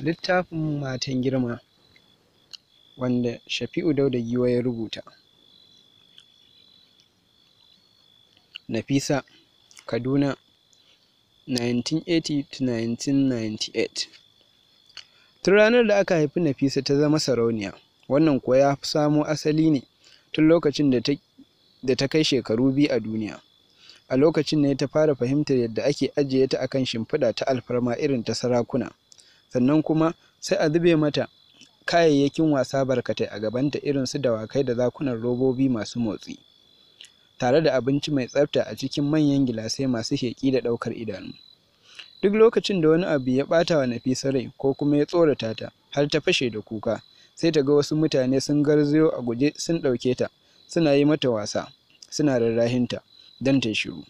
littafin matan girma wanda shafi'u dauda giwa ya rubuta nafisa kaduna 1980-1998 tun ranar da aka haifi nafisa ta zama sarauniya wannan kuwa ya samo asali ne tun lokacin da ta kai shekaru biyu a duniya a lokacin ne ta fara fahimtar yadda ake ajiye ta akan shimfiɗa ta alfarma irin ta sarakuna sannan kuma sai a zube mata kayayyakin wasa barkatai a gabanta irin su dawakai da zakunan robobi masu motsi tare da abinci mai tsafta a cikin manyan gilasai masu sheƙi da ɗaukar idanu duk lokacin da wani abu ya ɓata wa nafisa rai ko kuma ya tsorata ta har ta fashe da kuka sai ta ga wasu mutane sun garzayo a guje sun ɗauke ta suna yi mata wasa suna rarrahinta don ta shiru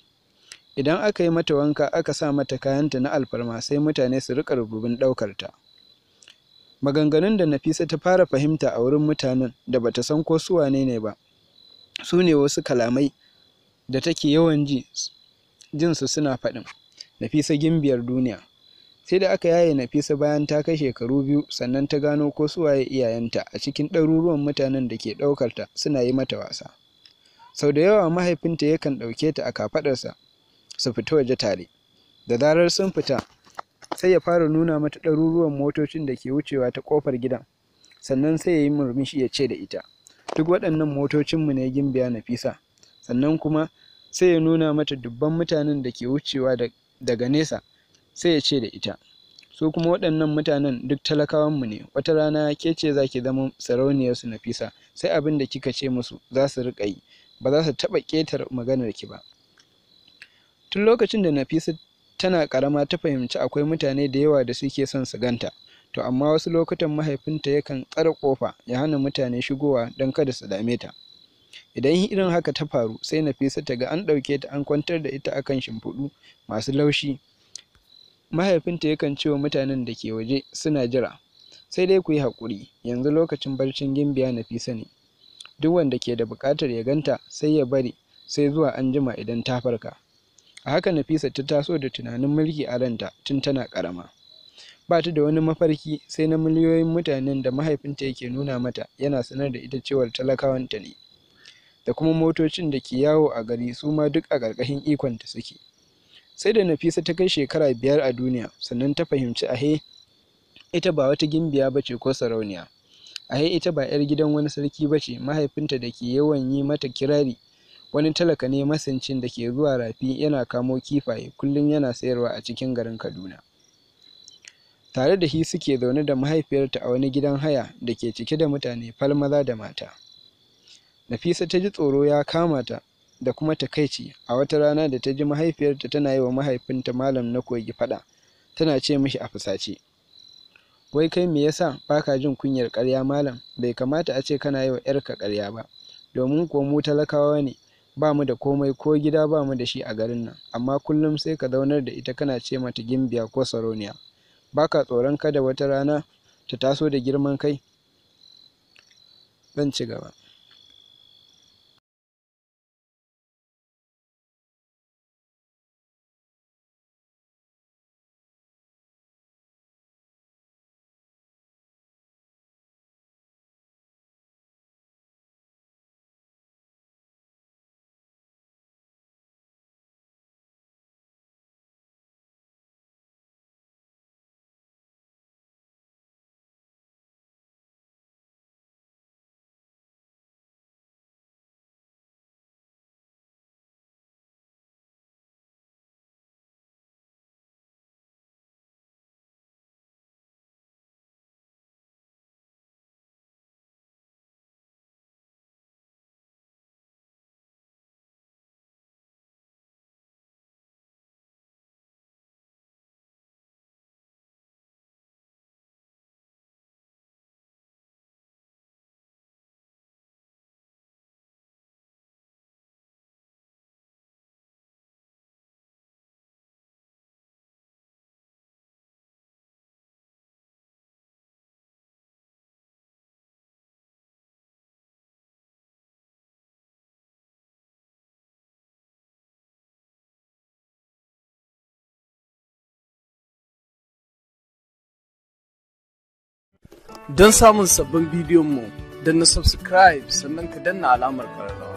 Idan aka yi mata wanka aka sa mata kayanta na alfarma sai mutane su riƙa rububin ɗaukarta. Maganganun da Nafisa ta fara fahimta a wurin mutanen da bata san ko su wane ne ba, su ne wasu kalamai da take yawan ji jinsu suna faɗin. Nafisa gimbiyar duniya. Sai da aka yaye Nafisa bayan ta kai shekaru biyu sannan ta gano ko suwaye iyayenta a cikin ɗaruruwan mutanen da ke ɗaukarta suna yi mata wasa. Sau da yawa mahaifinta yakan ɗauke ta a kafaɗarsa su fito waje tare da zarar sun fita sai ya fara nuna mata ɗaruruwan motocin da ke wucewa ta ƙofar gidan sannan sai ya yi murmushi ya ce da ita duk waɗannan motocinmu ne gimbiya nafisa sannan kuma sai ya nuna mata dubban mutanen da ke wucewa daga nesa sai ya ce da ita su kuma waɗannan mutanen duk talakawanmu ne wata rana ke ce za ki zama sarauniyarsu nafisa sai abin da kika ce musu za su riƙa yi ba za su taɓa ƙetar maganar ki ba Tun lokacin da Nafisa tana ƙarama ta fahimci akwai mutane da yawa da suke son su ganta, to amma wasu lokutan mahaifinta yakan tsara kofa ya hana mutane shigowa don kada su dame ta. Idan irin haka ta faru, sai Nafisa ta ga an ɗauke ta an kwantar da ita akan shimfiɗu masu laushi. Mahaifinta yakan ce mutanen da ke waje suna jira, sai dai ku yi haƙuri, yanzu lokacin barcin gimbiya Nafisa ne. Duk wanda ke da buƙatar ya ganta sai ya bari sai zuwa anjima idan ta farka. A haka Nafisa ta taso da tunanin mulki a ranta tun tana karama Ba ta da wani mafarki sai na miliyoyin mutanen da mahaifinta yake nuna mata yana sanar da ita cewar talakawanta ne. Da kuma motocin da ke yawo a gari su ma duk a ƙarƙashin ikonta suke. Sai da Nafisa ta kai shekara biyar a duniya sannan ta fahimci ahe ita ba wata gimbiya ba ce ko sarauniya. Ahe ita ba 'yar gidan wani sarki ba ce mahaifinta da ke yawan yi mata kirari wani talaka ne masancin da ke zuwa rafi yana kamo kifaye kullum yana sayarwa a cikin garin kaduna tare da shi suke zaune da mahaifiyarta a wani gidan haya da ke cike da mutane fal maza da mata nafisa ta ji tsoro ya kama ta da kuma takaici a wata rana da ta ji mahaifiyarta tana yi wa mahaifinta malam na kogi faɗa tana ce mishi a fusace wai kai me yasa baka jin kunyar karya malam bai kamata a ce kana yi wa 'yarka karya ba domin kuwa mu talakawa ne ba mu da komai ko gida ba mu da shi a garin nan amma kullum sai ka zaunar da ita kana ce mata gimbiya ko sarauniya ba ka tsoron kada wata rana ta taso da girman kai zan ci gaba don samun sabbin bidiyon mu na subscribe sannan ka danna alamar ƙararrawa